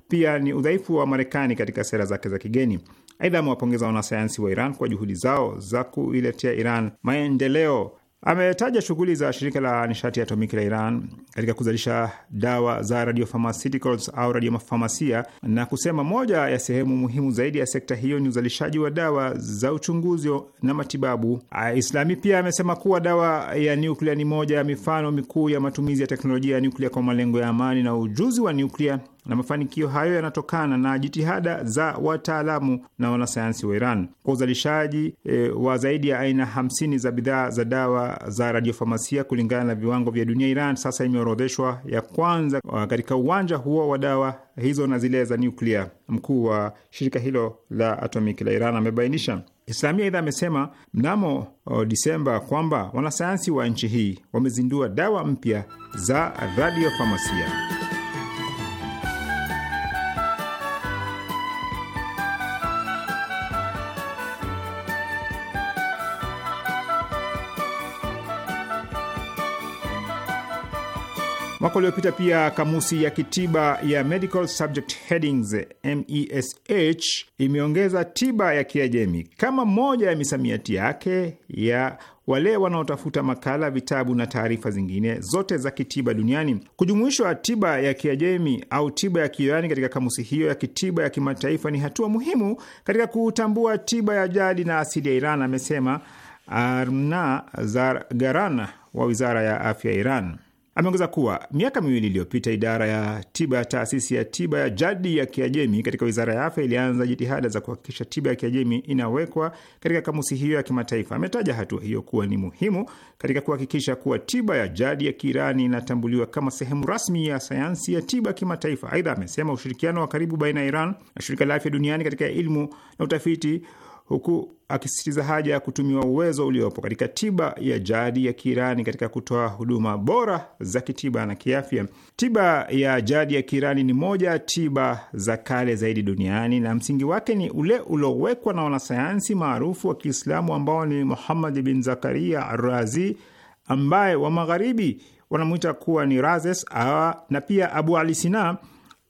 pia ni udhaifu wa Marekani katika sera zake za kigeni. Aidha, amewapongeza wanasayansi wa Iran kwa juhudi zao za kuiletea Iran maendeleo. Ametaja shughuli za shirika la nishati ya atomiki la Iran katika kuzalisha dawa za radiopharmaceuticals au radiofarmasia na kusema moja ya sehemu muhimu zaidi ya sekta hiyo ni uzalishaji wa dawa za uchunguzi na matibabu. Islami pia amesema kuwa dawa ya nuklia ni moja ya mifano mikuu ya matumizi ya teknolojia ya nuklia kwa malengo ya amani na ujuzi wa nuklia na mafanikio hayo yanatokana na jitihada za wataalamu na wanasayansi wa Iran kwa uzalishaji e, wa zaidi ya aina hamsini za bidhaa za dawa za radiofarmasia kulingana na viwango vya dunia. Iran sasa imeorodheshwa ya kwanza uh, katika uwanja huo wa dawa hizo na zile za nuklia Mkuu wa shirika hilo la atomiki la Iran amebainisha. Islamia aidha amesema mnamo uh, Disemba kwamba wanasayansi wa nchi hii wamezindua dawa mpya za radiofarmasia. Mwaka uliopita pia kamusi ya kitiba ya Medical Subject Headings MESH imeongeza tiba ya Kiajemi kama moja ya misamiati yake ya wale wanaotafuta makala, vitabu na taarifa zingine zote za kitiba duniani. Kujumuishwa tiba ya Kiajemi au tiba ya Kiirani katika kamusi hiyo ya kitiba ya kimataifa ni hatua muhimu katika kutambua tiba ya jadi na asili ya Iran, amesema Arna Zargaran wa wizara ya afya ya Iran. Ameongeza kuwa miaka miwili iliyopita idara ya tiba ya taasisi ya tiba ya jadi ya Kiajemi katika wizara ya afya ilianza jitihada za kuhakikisha tiba ya Kiajemi inawekwa katika kamusi hiyo ya kimataifa. Ametaja hatua hiyo kuwa ni muhimu katika kuhakikisha kuwa tiba ya jadi ya Kiirani inatambuliwa kama sehemu rasmi ya sayansi ya tiba kimataifa. Aidha, amesema ushirikiano wa karibu baina ya Iran na shirika la afya duniani katika elimu na utafiti huku akisisitiza haja ya kutumiwa uwezo uliopo katika tiba ya jadi ya Kiirani katika kutoa huduma bora za kitiba na kiafya. Tiba ya jadi ya Kiirani ni moja ya tiba za kale zaidi duniani na msingi wake ni ule uliowekwa na wanasayansi maarufu wa Kiislamu ambao ni Muhammad bin Zakaria Ar-Razi ambaye wa Magharibi wanamwita kuwa ni Razes na pia Abu Ali Sina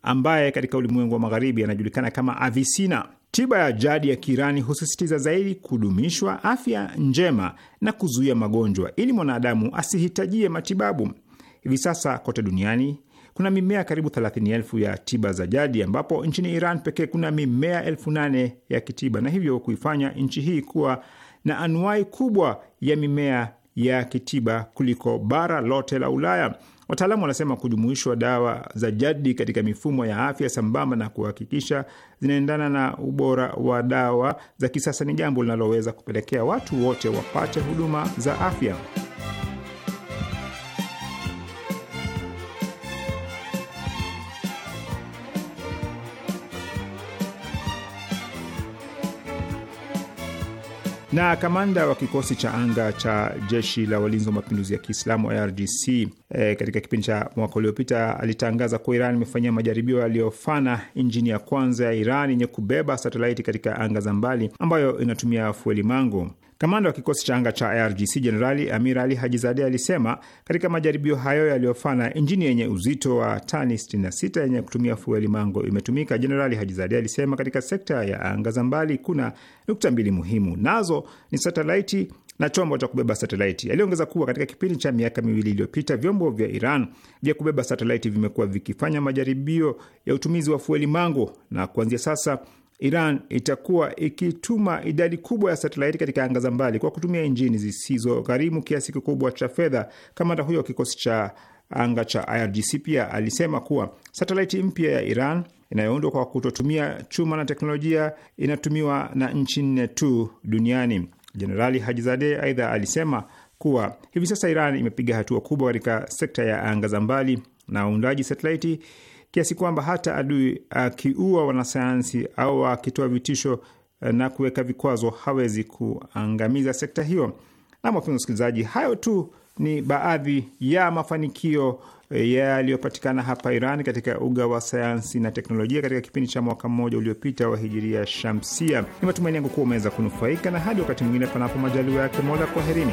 ambaye katika ulimwengu wa Magharibi anajulikana kama Avisina. Tiba ya jadi ya Kirani husisitiza zaidi kudumishwa afya njema na kuzuia magonjwa ili mwanadamu asihitajie matibabu. Hivi sasa kote duniani kuna mimea karibu thelathini elfu ya tiba za jadi ambapo nchini Iran pekee kuna mimea elfu nane ya kitiba na hivyo kuifanya nchi hii kuwa na anuai kubwa ya mimea ya kitiba kuliko bara lote la Ulaya. Wataalamu wanasema kujumuishwa dawa za jadi katika mifumo ya afya sambamba na kuhakikisha zinaendana na ubora wa dawa za kisasa ni jambo linaloweza kupelekea watu wote wapate huduma za afya. na kamanda wa kikosi cha anga cha jeshi la walinzi wa mapinduzi ya Kiislamu IRGC e, eh, katika kipindi cha mwaka uliopita alitangaza kuwa Iran imefanyia majaribio yaliyofana injini ya kwanza ya Iran yenye kubeba satelaiti katika anga za mbali ambayo inatumia fueli mangu. Kamanda wa kikosi cha anga cha IRGC Jenerali Amir Ali Hajizade alisema katika majaribio hayo yaliyofana, injini yenye uzito wa tani 66 yenye kutumia fueli mango imetumika. Jenerali Hajizade alisema katika sekta ya anga za mbali kuna nukta mbili muhimu, nazo ni satelaiti na chombo cha kubeba satelaiti. Aliongeza kuwa katika kipindi cha miaka miwili iliyopita vyombo vya Iran vya kubeba satelaiti vimekuwa vikifanya majaribio ya utumizi wa fueli mango na kuanzia sasa Iran itakuwa ikituma idadi kubwa ya satelaiti katika anga za mbali kwa kutumia injini zisizo gharimu kiasi kikubwa cha fedha. Kamanda huyo wa kikosi cha anga cha IRGC pia alisema kuwa satelaiti mpya ya Iran inayoundwa kwa kutotumia chuma na teknolojia inatumiwa na nchi nne tu duniani. Jenerali Hajizade aidha alisema kuwa hivi sasa Iran imepiga hatua kubwa katika sekta ya anga za mbali na uundaji satelaiti kiasi kwamba hata adui akiua wanasayansi au akitoa vitisho eh, na kuweka vikwazo hawezi kuangamiza sekta hiyo. Na wapenzi wasikilizaji, hayo tu ni baadhi ya mafanikio eh, yaliyopatikana hapa Iran katika uga wa sayansi na teknolojia katika kipindi cha mwaka mmoja uliopita wa hijiria shamsia. Ni matumaini yangu kuwa umeweza kunufaika, na hadi wakati mwingine, panapo majaliwa yake Mola, kwaherini.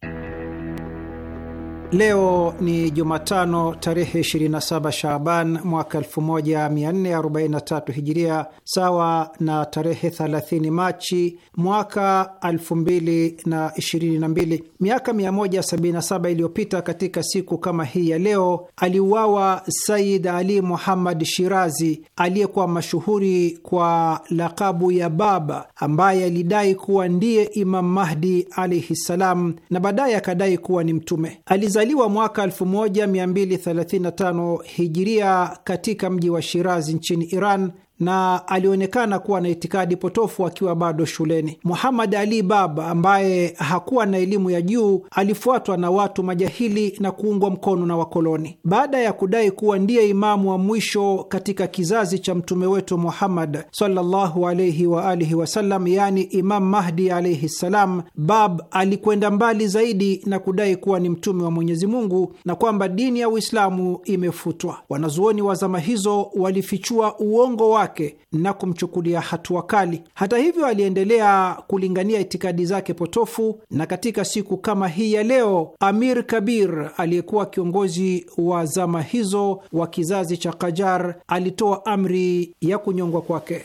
Leo ni Jumatano tarehe 27 Shaaban mwaka 1443 Hijiria, sawa na tarehe 30 Machi mwaka 2022. Miaka 177 iliyopita katika siku kama hii ya leo aliuawa Said Ali Muhammad Shirazi aliyekuwa mashuhuri kwa lakabu ya Baba, ambaye alidai kuwa ndiye Imam Mahdi alaihi ssalam, na baadaye akadai kuwa ni mtume Aliza Alizaliwa mwaka 1235 hijiria katika mji wa Shirazi nchini Iran na alionekana kuwa na itikadi potofu akiwa bado shuleni. Muhammad Ali Baba, ambaye hakuwa na elimu ya juu, alifuatwa na watu majahili na kuungwa mkono na wakoloni. Baada ya kudai kuwa ndiye imamu wa mwisho katika kizazi cha mtume wetu Muhammad sallallahu alayhi wa alihi wasallam, Imam Mahdi alayhi salam, Bab alikwenda mbali zaidi na kudai kuwa ni mtume wa Mwenyezi Mungu na kwamba dini ya Uislamu imefutwa. Wanazuoni wa zama hizo walifichua uongo wake zake na kumchukulia hatua kali. Hata hivyo, aliendelea kulingania itikadi zake potofu, na katika siku kama hii ya leo, Amir Kabir aliyekuwa kiongozi wa zama hizo wa kizazi cha Kajar alitoa amri ya kunyongwa kwake.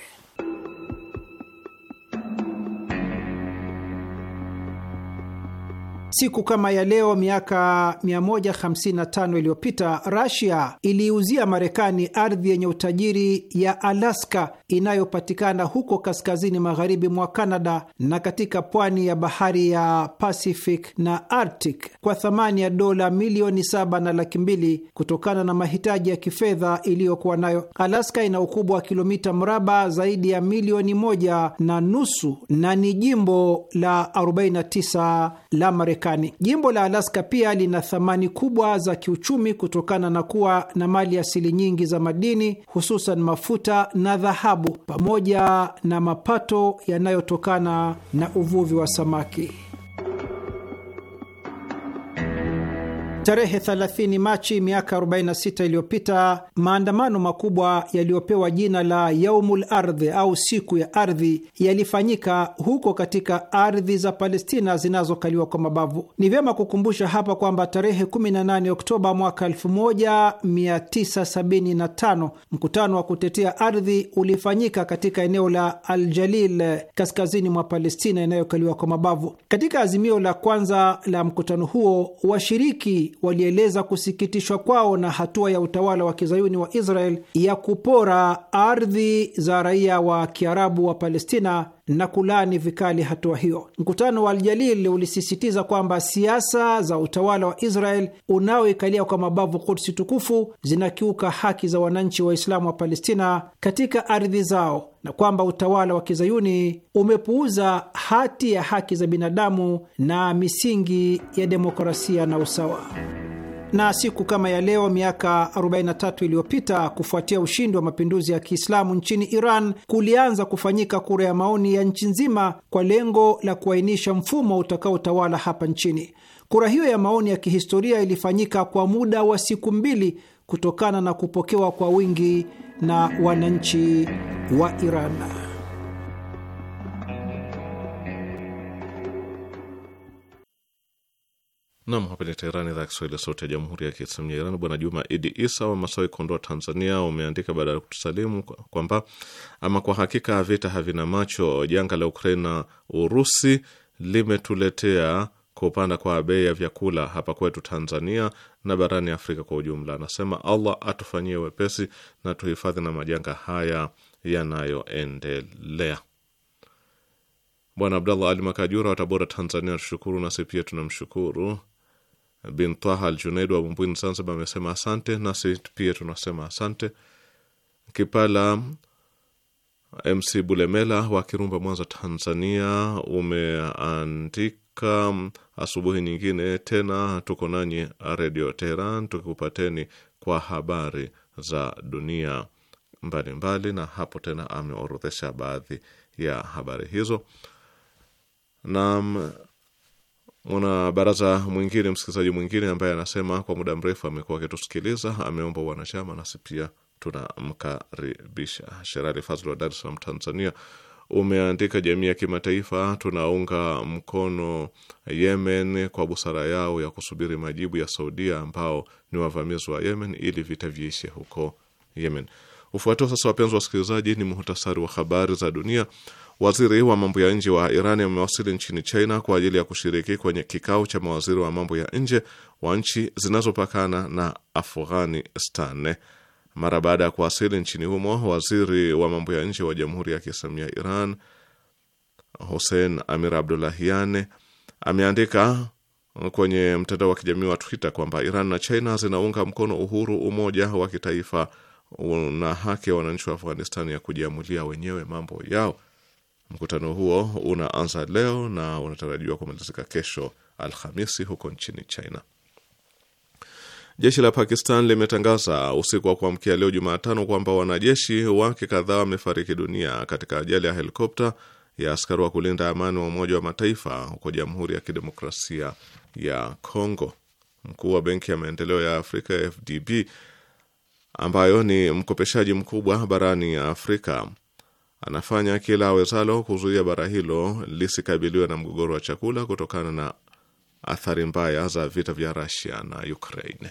Siku kama ya leo miaka 155 iliyopita Rasia iliiuzia Marekani ardhi yenye utajiri ya Alaska inayopatikana huko kaskazini magharibi mwa canada na katika pwani ya bahari ya Pacific na Arctic kwa thamani ya dola milioni saba na laki mbili kutokana na mahitaji ya kifedha iliyokuwa nayo. Alaska ina ukubwa wa kilomita mraba zaidi ya milioni moja na nusu na ni jimbo la 49 la Marekani. Marekani. Jimbo la Alaska pia lina thamani kubwa za kiuchumi kutokana na kuwa na mali asili nyingi za madini, hususan mafuta na dhahabu, pamoja na mapato yanayotokana na uvuvi wa samaki. Tarehe 30 Machi miaka 46 iliyopita, maandamano makubwa yaliyopewa jina la Yaumul Ardhi au siku ya ardhi yalifanyika huko katika ardhi za Palestina zinazokaliwa kwa mabavu. Ni vyema kukumbusha hapa kwamba tarehe 18 Oktoba mwaka 1975 mkutano wa kutetea ardhi ulifanyika katika eneo la Aljalil kaskazini mwa Palestina inayokaliwa kwa mabavu. Katika azimio la kwanza la mkutano huo, washiriki walieleza kusikitishwa kwao na hatua ya utawala wa kizayuni wa Israel ya kupora ardhi za raia wa Kiarabu wa Palestina na kulaani vikali hatua hiyo. Mkutano wa Aljalil ulisisitiza kwamba siasa za utawala wa Israel unaoikalia kwa mabavu Kudsi tukufu zinakiuka haki za wananchi Waislamu wa Palestina katika ardhi zao na kwamba utawala wa kizayuni umepuuza hati ya haki za binadamu na misingi ya demokrasia na usawa. Na siku kama ya leo miaka 43 iliyopita, kufuatia ushindi wa mapinduzi ya Kiislamu nchini Iran, kulianza kufanyika kura ya maoni ya nchi nzima kwa lengo la kuainisha mfumo utakaotawala hapa nchini. Kura hiyo ya maoni ya kihistoria ilifanyika kwa muda wa siku mbili kutokana na kupokewa kwa wingi na wananchi wa Iran. Nam, hapa ni Teherani, idhaa ya Kiswahili, sauti ya jamhuri ya kiislamu ya Iran. Bwana Juma Idi Isa wa Masawi, Kondoa, Tanzania, umeandika baada ya kutusalimu kwamba ama kwa hakika vita havina macho. Janga la na Urusi limetuletea kupanda kwa bei ya vyakula hapa kwetu Tanzania na barani Afrika kwa ujumla. Anasema Allah atufanyie wepesi na tuhifadhi na majanga haya yanayoendelea. Bwana Abdallah Ali Makajura wa Tabora, Tanzania, tushukuru. Nasi pia tunamshukuru. Bintwaha Al Junaid wa Bumbwini, Zanzibar, amesema asante. Nasi pia tunasema asante. Kipala MC Bulemela wa Kirumba, Mwanza, Tanzania, umeandika asubuhi nyingine tena tuko nanyi Redio Teheran tukikupateni kwa habari za dunia mbalimbali, na hapo tena ameorodhesha baadhi ya habari hizo. Na baraza mwingine, msikilizaji mwingine ambaye anasema kwa muda mrefu amekuwa akitusikiliza, ameomba wanachama, nasi pia tunamkaribisha. Sherali Fazl wa Dar es Salaam, Tanzania, umeandika jamii ya kimataifa, tunaunga mkono Yemen kwa busara yao ya kusubiri majibu ya Saudia ambao ni wavamizi wa Yemen ili vita viishe huko Yemen. Ufuatao sasa, wapenzi wa wasikilizaji, ni muhtasari wa habari za dunia. Waziri wa mambo ya nje wa Iran amewasili nchini China kwa ajili ya kushiriki kwenye kikao cha mawaziri wa mambo ya nje wa nchi zinazopakana na Afghanistan. Mara baada ya kuwasili nchini humo, waziri wa mambo ya nje wa Jamhuri ya Kiislamu ya Iran Hussein Amir Abdulahian ameandika kwenye mtandao wa kijamii wa Twitter kwamba Iran na China zinaunga mkono uhuru, umoja wa kitaifa una haki ya wananchi wa Afghanistan ya kujiamulia wenyewe mambo yao. Mkutano huo unaanza leo na unatarajiwa kumalizika kesho Alhamisi huko nchini China. Jeshi la Pakistan limetangaza usiku wa kuamkia leo Jumatano kwamba wanajeshi wake kadhaa wamefariki dunia katika ajali ya helikopta ya askari wa kulinda amani wa Umoja wa Mataifa huko Jamhuri ya Kidemokrasia ya Kongo. Mkuu wa Benki ya Maendeleo ya Afrika FDB ambayo ni mkopeshaji mkubwa barani Afrika anafanya kila awezalo kuzuia bara hilo lisikabiliwe na mgogoro wa chakula kutokana na athari mbaya za vita vya Russia na Ukraine.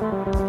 Thank you.